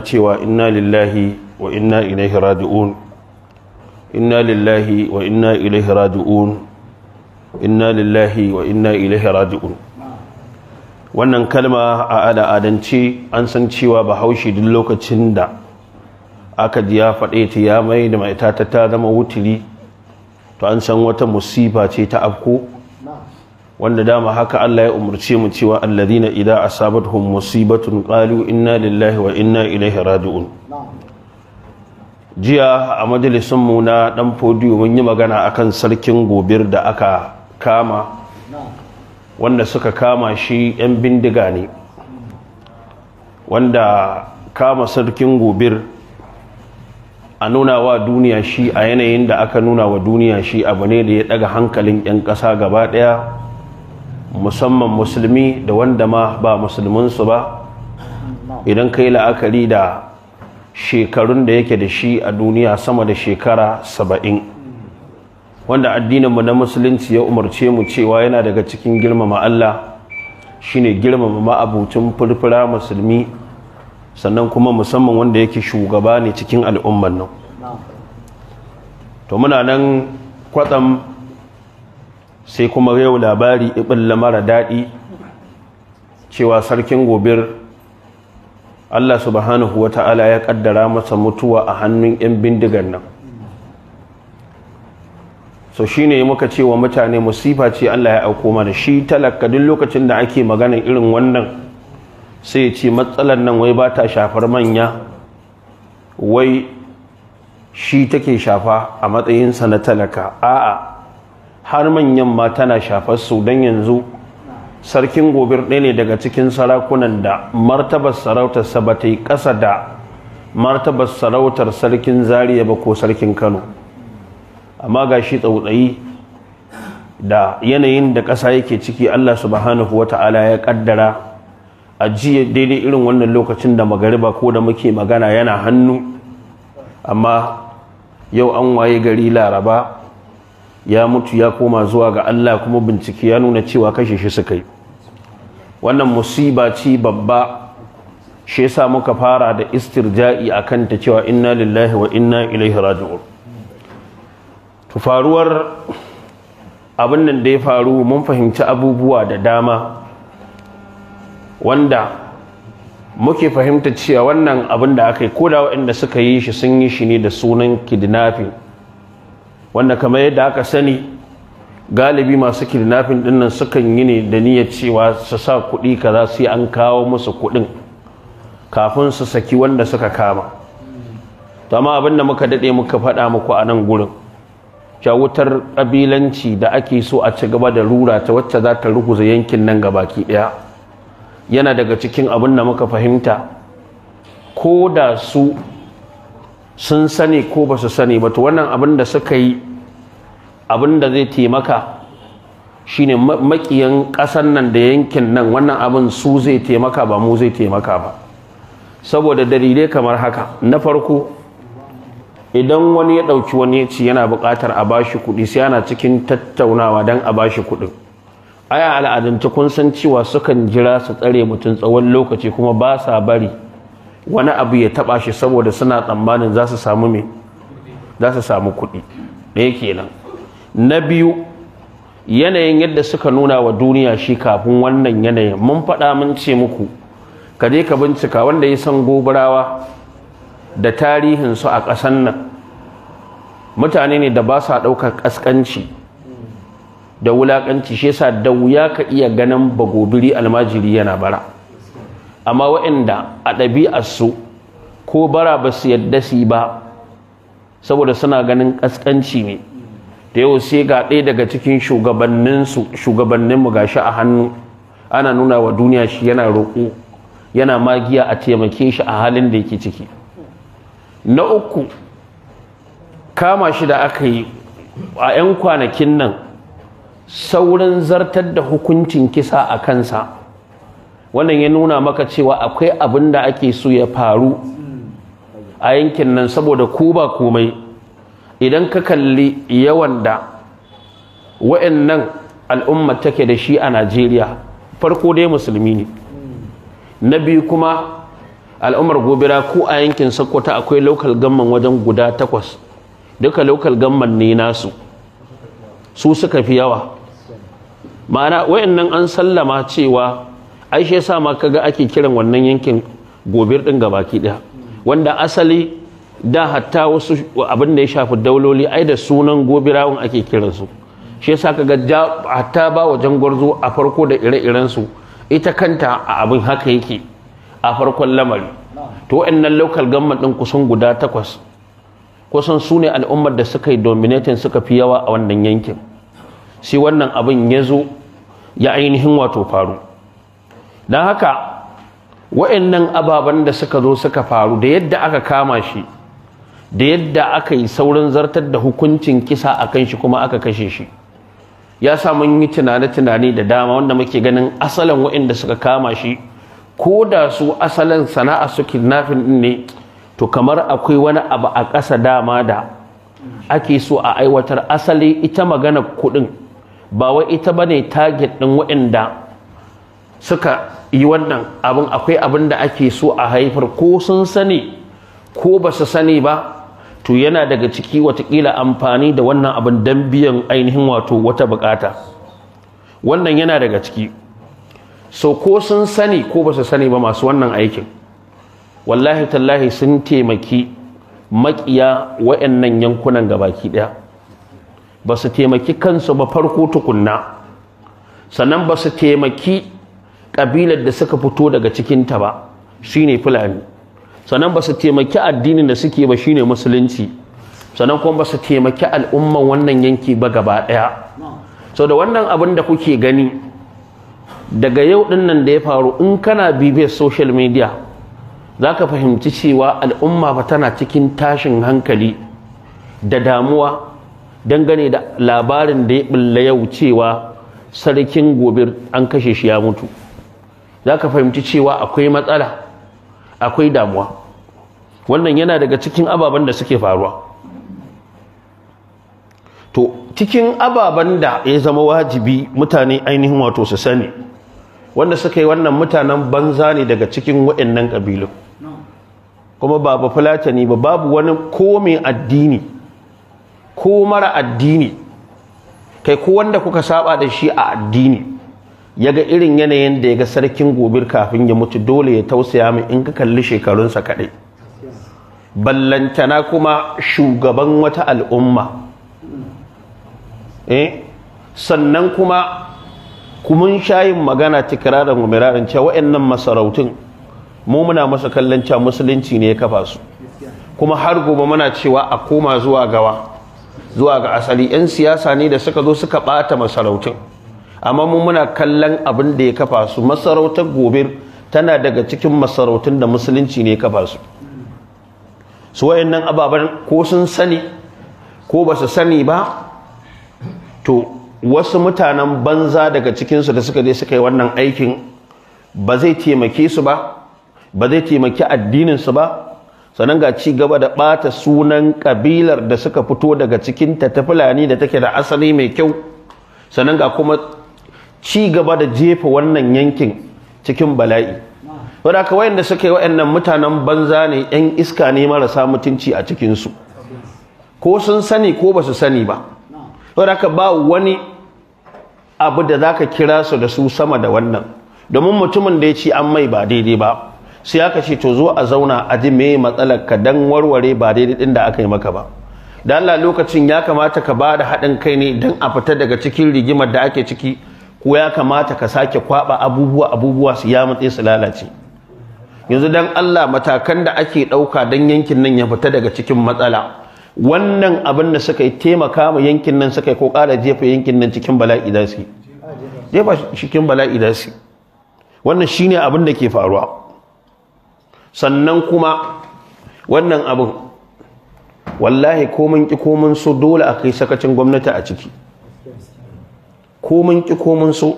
cewa inna lillahi wa inna ilaihi raji'un inna lillahi wa inna ilaihi raji'un inna lillahi wa inna ilaihi raji'un wannan kalma a al'adance an san cewa bahaushe duk lokacin da aka ji ya faɗe ta ya mai da mai ta ta zama wutiri to an san wata musifa ce ta afko wanda dama haka Allah ya umarce mu cewa alladhina idza asabatuhum musibatun qalu inna lillahi wa inna ilaihi raji'un jiya a majalisun mu na dan podium mun yi magana akan sarkin gobir da aka kama wanda suka kama shi yan bindiga ne wanda kama sarkin gobir a nuna wa duniya shi a yanayin da aka nuna wa duniya shi abu ne da ya daga hankalin 'yan kasa gaba daya. musamman musulmi da wanda ma ba musulminsu ba idan ka yi la'akari da shekarun da yake da shi a duniya sama da shekara saba'in wanda addininmu na musulunci ya umarce mu cewa yana daga cikin girmama Allah shine girmama ma'abucin furfura musulmi sannan kuma musamman wanda yake shugaba ne cikin al'ummar nan to muna nan kwatsam sai kuma yau labari ibin mara daɗi cewa sarkin gobir Allah subhanahu wa ta'ala ya ƙaddara masa mutuwa a hannun 'yan bindigar nan so shi ne muka ce wa mutane musifa ce Allah ya auko mana shi talaka duk lokacin da ake magana irin wannan sai ce matsalar nan wai ba ta shafar manya wai shi take shafa a matsayinsa na talaka a'a har manyan ma tana shafar su don yanzu sarkin gobir ɗaya ne daga cikin sarakunan da martabar sarautarsa ba ta yi ƙasa da martabar sarautar sarkin zariya ba ko sarkin kano amma ga shi tsautsayi da yanayin da ƙasa yake ciki allah subhanahu wa ta'ala ya ƙaddara a jiya daidai irin wannan lokacin da magariba ko da muke magana yana hannu amma yau an waye gari laraba ya mutu ya koma zuwa ga Allah kuma bincike ya nuna cewa kashe shi suka yi wannan musiba ci babba shi yasa muka fara da istirja'i akan ta cewa inna lillahi wa inna ilaihi raji'un to faruwar abin nan da ya faru mun fahimci abubuwa da dama wanda muke fahimta cewa wannan abin da aka yi ko da waɗanda suka yi shi sun yi shi ne da sunan kidnapping wanda kamar yadda aka sani galibi masu kidnapping dinnan sukan yi ne da niyyar cewa su sa kuɗi kaza sai an kawo musu kuɗin kafin su saki wanda suka kama to amma abin da muka dade muka faɗa muku a nan gurin wutar kabilanci da ake so a ci gaba da rura ta wacce za ta ruguza yankin nan gabaki ɗaya yana daga cikin abin da muka fahimta ko da su sun sani ko ba su sani ba to wannan abin da suka yi abin da zai taimaka shine makiyan ƙasan nan da yankin nan wannan abin su zai taimaka ba mu zai taimaka ba saboda dalilai kamar haka na farko idan wani ya ɗauki wani ya ci yana buƙatar a bashi kuɗi sai ana cikin tattaunawa don a bashi kuɗin aya al'adance kun san cewa sukan jira su tsare mutum tsawon lokaci kuma ba sa bari wani abu ya taba shi saboda suna tsammanin za su samu me za su samu kuɗi ɗaya kenan na biyu yanayin yadda suka nuna wa duniya shi kafin wannan yanayin mun faɗa mun ce muku ka je ka bincika wanda ya san gobarawa da tarihinsu a ƙasan nan mutane ne da ba sa ɗaukar ƙasƙanci da wulaƙanci shi yasa da wuya ka iya ganin bagobiri almajiri yana bara amma waɗanda a ɗabi'arsu ko bara ba su yadda su ba saboda suna ganin ƙasƙanci ne da yau sai ga ɗaya daga cikin shugabanninsu shugabanninmu ga shi a hannu ana nuna wa duniya shi yana roƙo yana magiya a taimake shi a halin da yake ciki na uku kama shi da aka yi a 'yan kwanakin nan saurin zartar da hukuncin kisa a kansa wannan ya nuna maka cewa akwai abin da ake so ya faru a yankin nan saboda ko ba komai idan ka kalli yawan da wa'annan al'umma take da shi a Najeriya farko dai musulmi ne na biyu kuma al'ummar gobira ko a yankin Sokoto akwai lokal gamman wajen guda takwas duka local gamman ne nasu su suka fi yawa ma'ana wayannan an sallama cewa ai shi yasa ma kaga ake kiran wannan yankin gobir din baki daya wanda asali da hatta wasu abin da ya shafi dauloli ai da sunan gobirawan ake kiransu shi yasa kaga hatta ba wajen gwarzo a farko da ire-iren su ita kanta a abin haka yake a farkon lamari to wayannan local government din kusan guda takwas kusan su ne al'ummar da suka yi dominating suka fi yawa a wannan yankin sai wannan abin ya zo ya ainihin wato faru don haka wa'annan ababen da suka zo suka faru da yadda aka kama shi da yadda aka yi saurin zartar da hukuncin kisa a kan shi kuma aka kashe shi ya sa mun yi tunane-tunane da dama wanda muke ganin asalin wa'anda suka kama shi ko da su asalin sana'a su kidnafin din ne to kamar akwai wani abu a ƙasa dama da ake so a aiwatar asali ita magana kuɗin ba wai ita bane target ɗin wa'anda suka yi wannan abin akwai abin da ake so a haifar ko sun sani ko ba su sani ba to yana daga ciki watakila amfani da wannan abin don biyan ainihin wato wata bukata wannan yana daga ciki so ko sun sani ko ba su sani ba masu wannan aikin wallahi tallahi sun taimaki makiya wa'annan yankunan gabaki daya ba su taimaki kansu ba farko tukunna sannan ba su taimaki kabilar da suka fito daga cikinta ba shine fulani sannan ba su taimaki addinin da suke ba shine musulunci sannan kuma ba su taimaki al'umman wannan yanki ba gaba ɗaya sau da wannan abin da kuke gani daga yau din nan da ya faru in kana bibiyar social media za ka fahimci cewa al'umma ba tana cikin tashin hankali da damuwa dangane da labarin da ya bulla yau cewa sarkin gobe an kashe shi ya mutu za ka fahimci cewa akwai matsala akwai damuwa wannan yana daga cikin ababen da suke faruwa to cikin ababen da ya zama wajibi mutane ainihin wato su sani wanda suka yi wannan mutanen banza ne daga cikin waɗannan ƙabilun kuma ba ba fulatani ba babu wani ko mai addini ko mara addini kai ko wanda kuka saba da shi a addini ya ga irin yanayin da ya ga sarkin gobir kafin ya mutu dole ya tausaya min in ka kalli shekarunsa kaɗai ballantana kuma shugaban wata al'umma eh? sannan kuma kumun shayin magana tikirarin gumirarin cewa wa'annan masarautun mu muna masa kallon cewa musulunci ne ya kafa su kuma har gobe muna cewa a koma zuwa gawa zuwa ga asali 'yan siyasa ne da suka zo suka ɓata masarautun amma mu muna kallon abin da ya kafa su masarautar gobe tana daga cikin masarautun da musulunci ne ya kafa su su wayannan ababen ko sun sani ko ba su sani ba to wasu mutanen banza daga cikinsu da suka je suka yi wannan aikin ba zai taimake su ba ba zai taimaki addininsu ba sannan ga ci gaba da ɓata sunan ƙabilar da suka fito daga cikinta ta fulani da take da asali mai kyau sannan ga kuma ci gaba da jefa wannan yankin cikin bala'i wadda ka wayanda suka yi wayannan mutanen banza ne yan iska ne marasa mutunci a cikinsu ko sun sani ko ba su sani ba wadda ka ba wani abu da za ka kira su da su sama da wannan domin mutumin da ya ci an mai ba daidai ba sai ya ce to zo a zauna a ji me matsalar ka dan warware ba daidai din da aka yi maka ba da Allah lokacin ya kamata ka ba da haɗin kai ne don a fita daga cikin rigimar da ake ciki ko ya kamata ka sake kwaba abubuwa abubuwa su ya matse su lalace yanzu dan Allah matakan da ake ɗauka dan yankin nan ya fita daga cikin matsala wannan abin da suka yi taimaka ma yankin nan suka yi ko ƙara jefa yankin nan cikin bala'i da su jefa cikin bala'i da su wannan shine abin da ke faruwa sannan kuma wannan abin wallahi komin ki komin so dole a kai sakacin gwamnati a ciki ko mun ki ko mun so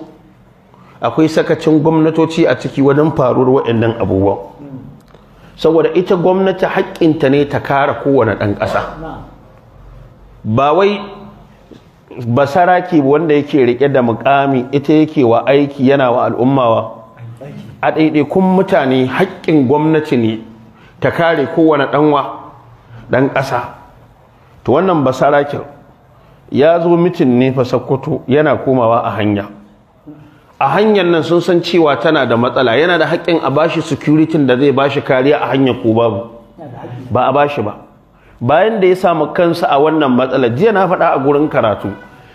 akwai sakacin gwamnatoci a ciki wajen faruwar waɗannan abubuwa saboda ita gwamnati haƙƙinta ne ta kare kowane ɗan ƙasa ba wai ba basaraki wanda yake riƙe da mukami ita yake wa aiki yana wa al'ummawa a kun mutane haƙƙin gwamnati ne ta kare kowane ɗanwa ɗan ƙasa to wannan ba sarakin ya zo mitin ne fa sakkwato yana komawa a hanya a hanyar nan sun san cewa tana da matsala yana da haƙƙin a bashi security da zai bashi kariya a hanyar ko babu ba a bashi ba bayan da ya samu kansa a wannan matsala jiya na faɗa a gurin karatu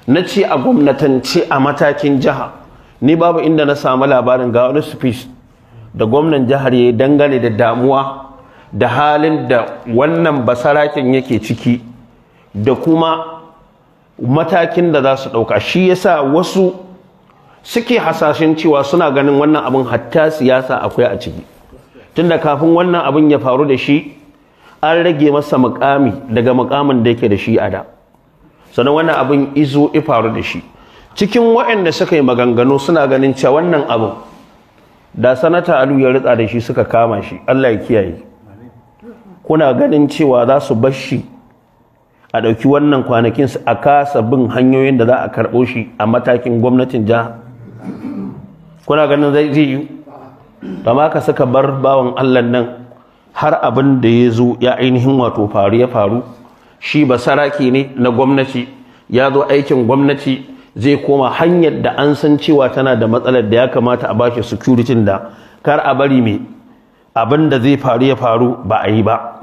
na ce a gwamnatance a matakin jiha ni babu inda na samu labarin ga wani speech da gwamnan jihar ya dangane da damuwa da halin da wannan basarakin yake ciki da kuma matakin da za su ɗauka shi yasa wasu suke hasashen cewa suna ganin wannan abin hatta siyasa akwai a ciki tunda kafin wannan abin ya faru da shi an rage masa mukami daga mukamin da yake da shi a da sannan wannan abin izo i faru da shi cikin waɗanda suka yi maganganu suna ganin cewa wannan abin da sanata alu ya ritsa da shi suka kama shi Allah ya kiyaye kuna ganin cewa za su bar shi a ɗauki wannan kwanakin su a kasa bin hanyoyin da za a karɓo shi a matakin gwamnatin jiha kuna ganin zai yi ba ma ka saka bar bawan allan nan har abin da ya zo ya ainihin wato faru ya faru shi ba saraki ne na gwamnati ya zo aikin gwamnati zai koma hanyar da an san cewa tana da matsalar da ya kamata a bashi security da kar a bari mai abin da zai faru ya faru ba a yi ba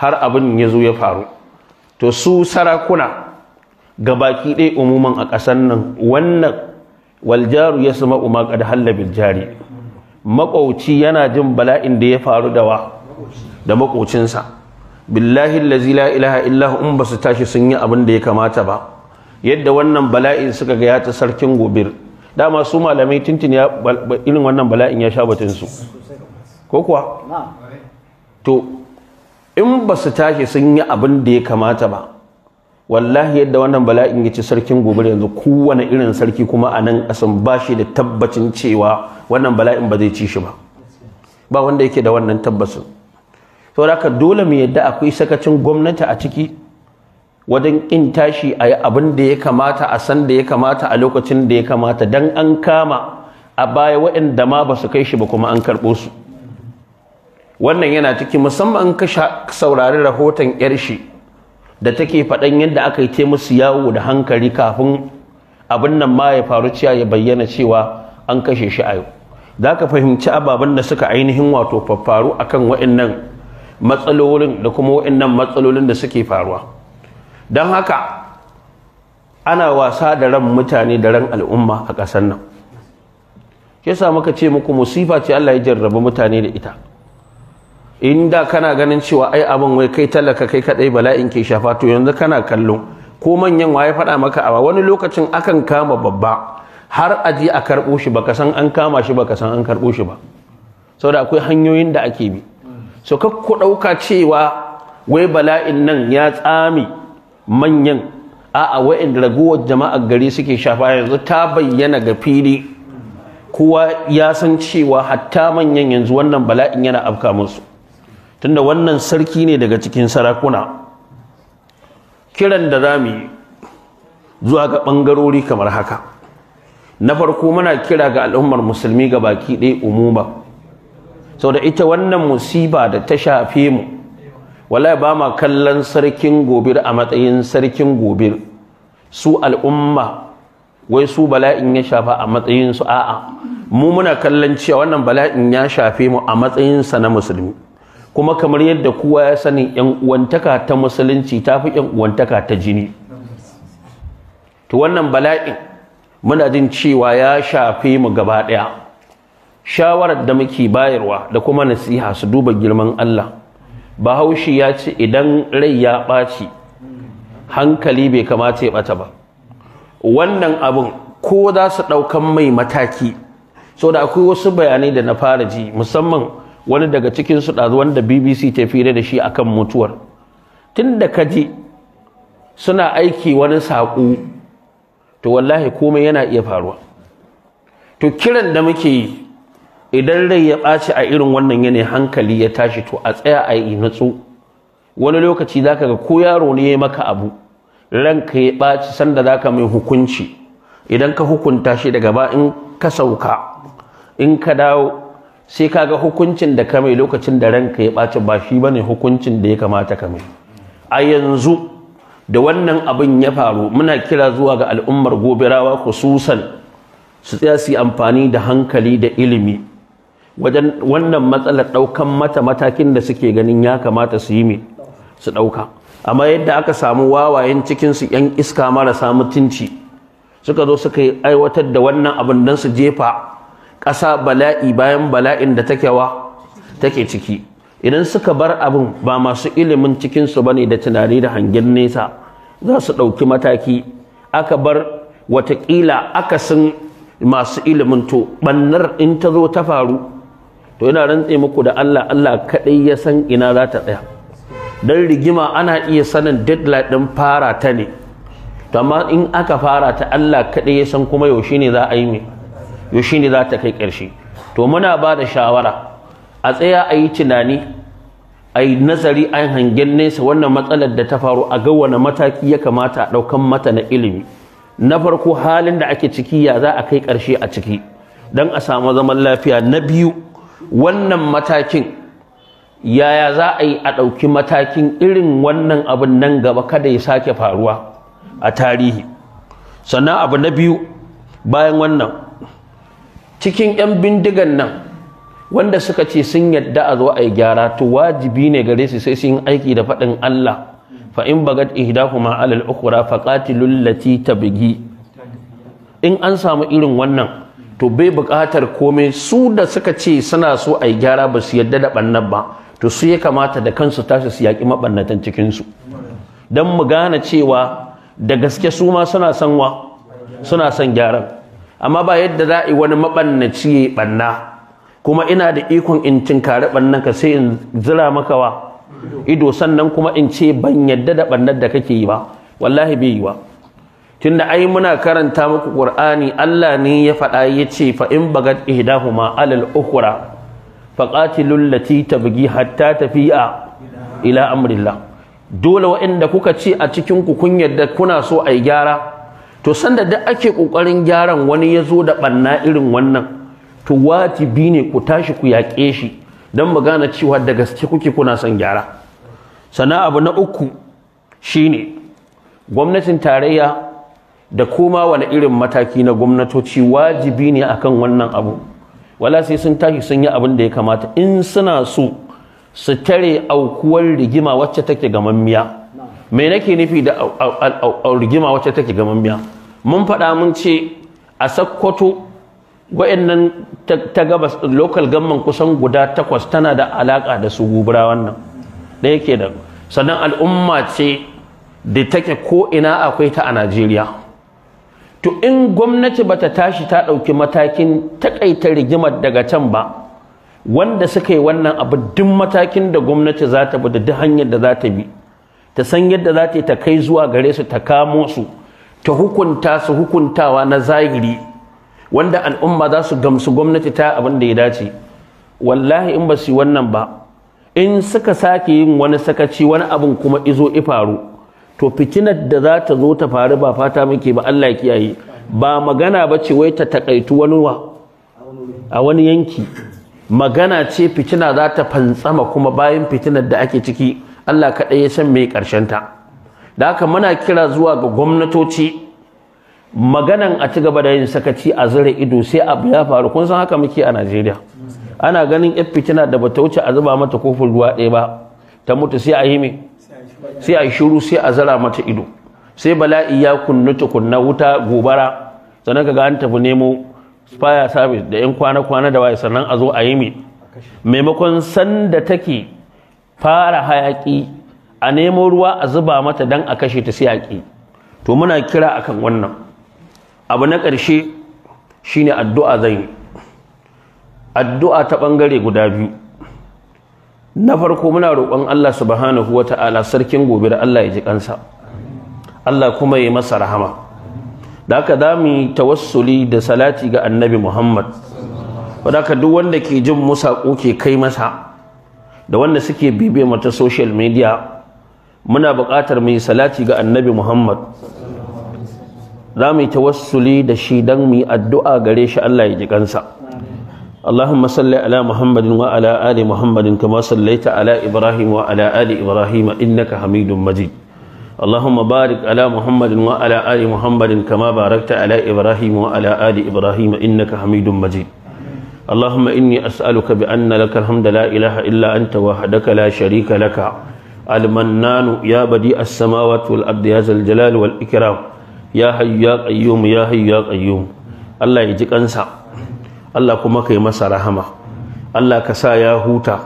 har abin ya zo ya faru to su sarakuna ga baki ɗaya umuman a ƙasar nan wannan waljaru ya ma'u umar da hallabil jari maƙwauci yana jin bala'in da ya faru da wa da maƙwaucinsa billahi lazi la ilaha illahu in ba su tashi sun yi abin da ya kamata ba yadda wannan bala'in suka ga ta sarkin gobir dama su malamai tuntun ya irin wannan bala'in ya sha batunsu ko kuwa to in ba su tashi sun yi abin da ya kamata ba wallahi yadda wannan bala'in ya ci sarkin gobe yanzu kowane irin sarki kuma a nan ƙasan ba shi da tabbacin cewa wannan bala'in ba zai ci shi ba ba wanda yake da wannan tabbacin saboda haka dole mu yadda akwai sakacin gwamnati a ciki wajen ƙin tashi a yi abin da ya kamata a san da ya kamata a lokacin da ya kamata don an kama a baya waɗanda ma ba su kai shi ba kuma an karɓo su wannan yana ciki musamman ka saurari rahoton yar shi da take faɗan yadda aka yi ta musu yawo da hankali kafin abin nan ma ya faru ciya ya bayyana cewa an kashe shi a yau za ka fahimci ababen da suka ainihin wato faffaru kan waɗannan matsalolin da kuma waɗannan matsalolin da suke faruwa don haka ana wasa da ran mutane da ran al'umma a ƙasar nan shi yasa muka ce muku musifa ce Allah ya jarrabi mutane da ita In da kana ganin cewa ai abin wai kai talaka kai kadai bala'in ke shafa to yanzu kana kallon. ko manyan waye faɗa maka a wani lokacin akan kama babba har a je a karɓo shi baka san an kama shi baka san an karɓo shi ba saboda akwai hanyoyin da ake bi so ku ɗauka cewa wai bala'in nan ya tsami manyan a'a wa'in raguwar jama'ar gari suke shafa yanzu ta bayyana ga fili kowa ya san cewa hatta manyan yanzu wannan bala'in yana afka musu tunda wannan sarki ne daga cikin sarakuna kiran da za mu yi zuwa ga ɓangarori kamar haka na farko muna kira ga al'ummar musulmi ga baki ɗaya umuma da ita wannan musiba da ta shafe mu wallahi ba ma kallon sarkin gobir a matsayin sarkin gobir su al'umma wai su bala'in ya shafa a matsayin su a'a mu muna kallon cewa wannan bala'in ya shafe mu a matsayinsa na musulmi kuma kamar yadda kowa ya sani yan uwantaka ta musulunci ta fi yan uwantaka ta jini to wannan bala'in muna jin cewa ya shafe mu gaba ɗaya shawarar da muke bayarwa da kuma nasiha su duba girman Allah bahaushe ya ce idan rai ya ɓaci hankali bai kamata ya ɓata ba wannan abin ko za su ɗaukan mai mataki so da akwai wasu bayanai da na fara ji musamman wani daga cikin su wanda BBC ta fira da shi akan mutuwar tunda ka je suna aiki wani saƙo to wallahi komai yana iya faruwa to kiran da muke yi idan rai ya ɓaci a irin wannan yanayi hankali ya tashi to a tsaya a yi natsu wani lokaci zaka ga ko yaro ne ya maka abu ranka ya ɓaci sanda zaka mai hukunci idan ka hukunta shi da gaba in ka sauka in ka dawo sai ka ga hukuncin da ka lokacin da ranka ya ɓace ba shi bane hukuncin da ya kamata ka mai a yanzu da wannan abin ya faru muna kira zuwa ga al'ummar gobirawa khususan su tsaya su amfani da hankali da ilimi wajen wannan matsalar ɗaukan mata matakin da suke ganin ya kamata su yi su ɗauka amma yadda aka samu wawayen cikinsu 'yan iska marasa mutunci suka zo suka aiwatar da wannan abin don su jefa ƙasa bala'i bayan bala'in da take wa take ciki idan suka bar abin ba masu ilimin cikinsu ba ne da tunani da hangen nesa za su ɗauki mataki aka bar watakila akasin masu ilimin to ɓannar in ta zo ta faru to yana rantse muku da Allah Allah kaɗai ya san ina za ta tsaya Dan rigima ana iya sanin deadline ɗin fara ta ne to amma in aka fara ta Allah kaɗai ya san kuma yaushe ne za a yi mai yaushe ne za ta kai ƙarshe to muna ba da shawara a tsaya a yi tunani a yi nazari a hangen nesa wannan matsalar da ta faru a ga wani mataki ya kamata a ɗaukan mata na ilimi na farko halin da ake ciki ya za a kai ƙarshe a ciki don a samu zaman lafiya na biyu wannan matakin yaya za a yi a ɗauki matakin irin wannan abin nan gaba kada ya sake faruwa a tarihi sannan abu na biyu bayan wannan cikin 'yan bindigan nan wanda suka ce sun yadda a zo a yi gyara to wajibi ne gare su sai sun aiki da faɗin Allah fa in bagat ihdahuma al ukhra qatilul lati tabghi in an samu irin wannan to bai buƙatar komai su da suka ce suna so a yi gyara ba su yadda da bannan ba to su ya kamata da kansu tashi su yaƙi maɓannatan cikinsu dan mu gane cewa da gaske su ma suna son suna son gyaran amma ba yadda za a wani maɓannaci ya ɓanna. kuma ina da ikon in cinkari ɓannan ka sai in zira maka wa ido sannan kuma in ce ban yadda da bannar da kake yi ba wallahi bai yi wa tunda ai muna karanta muku ƙur'ani Allah ne ya faɗa ya ce fa in bagat ihdahuma alal ukhra fa qatilul lati tabghi hatta tafi'a ila amrillah dole wa'inda kuka ce a cikin ku kun yadda kuna so ai gyara to sanda duk ake kokarin gyaran wani ya zo da banna irin wannan to wajibi ne ku tashi ku yaƙe shi don magana cewa da gaske kuke kuna son gyara sana abu na uku shine gwamnatin tarayya da koma wani irin mataki na gwamnatoci wajibi ne akan wannan abu wala sai sun tashi sun yi abin da ya kamata in suna so su tare aukuwar rigima wacce take gamammiya mai nake nufi da rigima wacce take gamammiya mun faɗa mun ce a sakkwato wa'annan ta gabas local gamman kusan guda takwas tana da alaƙa da su gubura wannan ɗaya ke da sannan al'umma ce da take ko ina akwai ta a najeriya to in gwamnati bata tashi ta ɗauki matakin taƙaita rigimar daga can ba wanda suka yi wannan abu duk matakin da gwamnati za ta bi da duk hanyar da za ta bi ta san yadda za ta kai zuwa gare su ta kamo su ta hukunta su hukuntawa na zahiri wanda al'umma za su gamsu gwamnati ta abin da ya dace wallahi in ba su wannan ba in suka sake yin wani sakaci wani abin kuma izo ifaru to fitinar da za ta zo ta faru ba fata muke ba Allah ya kiyaye ba magana ba ce wai ta takaitu wani wa a wani yanki magana ce fitina za ta fantsama kuma bayan fitinar da ake ciki Allah kaɗai ya san mai ta. da haka muna kira zuwa ga gwamnatoci maganan a ci gaba da yin sakaci a zira ido sai abu ya faru kun san haka muke a Najeriya ana ganin yan fitina da bata wuce a zuba mata kofin ruwa ɗaya ba ta mutu sai a yi me sai a shiru sai a zara mata ido sai bala'i ya kunnu tukunna wuta gobara sannan kaga an tafi nemo fire service da yan kwana-kwana da waye sannan a zo a yi me maimakon sanda take fara hayaki a nemo ruwa a zuba mata dan a kashe ta siyaki to muna kira akan wannan abu na ƙarshe shine addu'a zan yi addu'a ta bangare guda biyu na farko muna roƙon Allah subhanahu wata'ala sarkin gobe da Allah ya ji kansa Allah kuma ya masa rahama da haka za mu yi tawassuli da salati ga annabi Muhammad wadaka duk wanda ke jin mu saƙo ke kai masa da wanda suke bibiya mata social media muna buƙatar mai salati ga annabi muhammad za mu yi tawassuli da shi don mu yi addu'a gare shi allah ya ji kansa اللهم صل على محمد وعلى آل محمد كما صليت على إبراهيم وعلى آل إبراهيم إنك حميد مجيد اللهم بارك على محمد وعلى آل محمد كما باركت على إبراهيم وعلى آل إبراهيم إنك حميد مجيد اللهم إني أسألك بأن لك الحمد لا إله إلا أنت وحدك لا شريك لك المنان يا بديع السماوات والأرض يا ذا الجلال والإكرام يا حي يا قيوم يا حي يا قيوم الله يجيك أنسى الله كما كي مسا رحمة الله كسا يا هوتا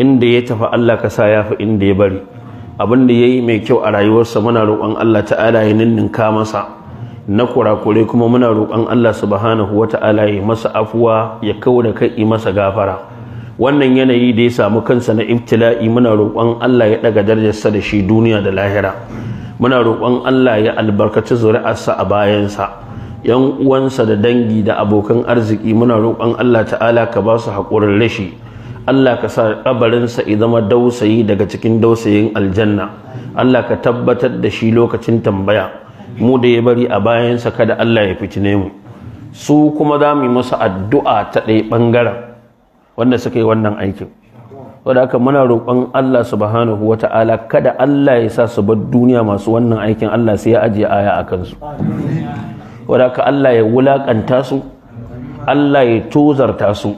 إن دي يتفى الله كسا يا فإن دي بري abin da yayi mai kyau a rayuwarsa muna roƙon Allah ta'ala ya ninninka masa na kurakurai kuma muna roƙon Allah subhanahu wata'ala ya masa afuwa ya kawo da kai masa gafara wannan yanayi da ya samu kansa na ibtila'i muna roƙon Allah ya daga darajarsa da shi duniya da lahira muna roƙon Allah ya albarkaci zuri'arsa a bayansa yan uwansa da dangi da abokan arziki muna roƙon Allah ta'ala ka ba su haƙurin rashi Allah ka sa kabarinsa ya zama dausayi daga cikin dausayin aljanna Allah ka tabbatar da shi lokacin tambaya mu da ya bari a bayansa kada Allah ya fitine mu su kuma za mu yi masa addu'a ta ɗaya ɓangaren wanda suka yi wannan aikin wadda haka muna roƙon Allah subhanahu wa ta'ala kada Allah ya sa su bar duniya masu wannan aikin Allah sai ya ajiye aya a kansu wadda haka Allah ya wulaƙanta su Allah ya tozarta su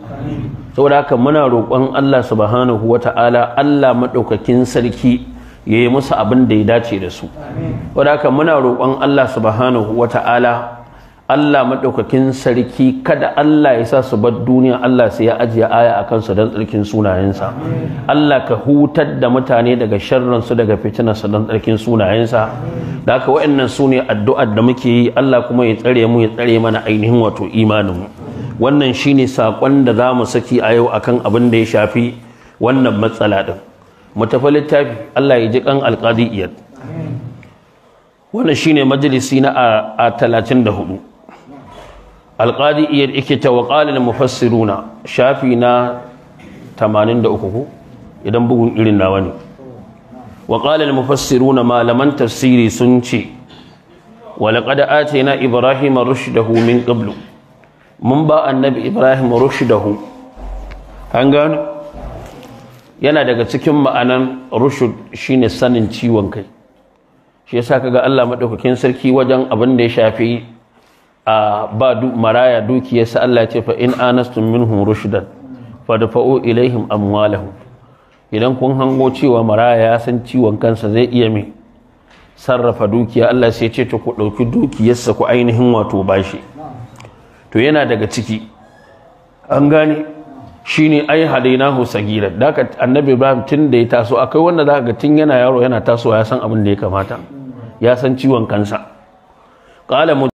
saboda haka muna roƙon Allah subhanahu wa ta'ala Allah maɗaukakin sarki yayi yi musu abin da ya dace da su wadaka muna roƙon Allah subhanahu wata'ala Allah maɗaukakin sarki kada Allah ya sa su bar duniya Allah sai ya ajiye aya a kansu don tsarkin sunayensa Allah ka hutar da mutane daga sharransu daga fitina su don tsarkin sunayensa da haka wa'annan su ne addu'ar da muke yi Allah kuma ya tsare mu ya tsare mana ainihin wato imaninmu wannan shine saƙon da za mu saki a yau akan abin da ya shafi wannan matsala ɗin mu tafi littafi Allah ya ji kan alƙadi iyad wannan shine majalisi na a 34 alƙadi iyad yake ta wa qalil mufassiruna shafi na 83 ko idan bugun irin nawa ne wa qalil mufassiruna malaman tafsiri sun ce wa laqad na ibrahima rushdahu min qablu mun ba annabi ibrahim rushdahu an gano yana daga cikin ma'anan rushud shine sanin ciwon kai shi yasa kaga Allah madaukakin sarki wajen abin da ya shafi a ba du maraya dukiyarsa Allah ce fa in anastum minhum rushdan dafa'u ilaihim amwalahum idan kun hango cewa maraya ya san ciwon kansa zai iya mai sarrafa dukiya Allah sai ya ce ta ku ɗauki dukiyarsa ku ainihin wato bashi to yana daga ciki an gane shine ai hadainahu sagira da ka annabi Ibrahim tun da ya taso akwai wanda za ga tun yana yaro yana tasowa ya san abin da ya kamata ya san ciwon kansa qala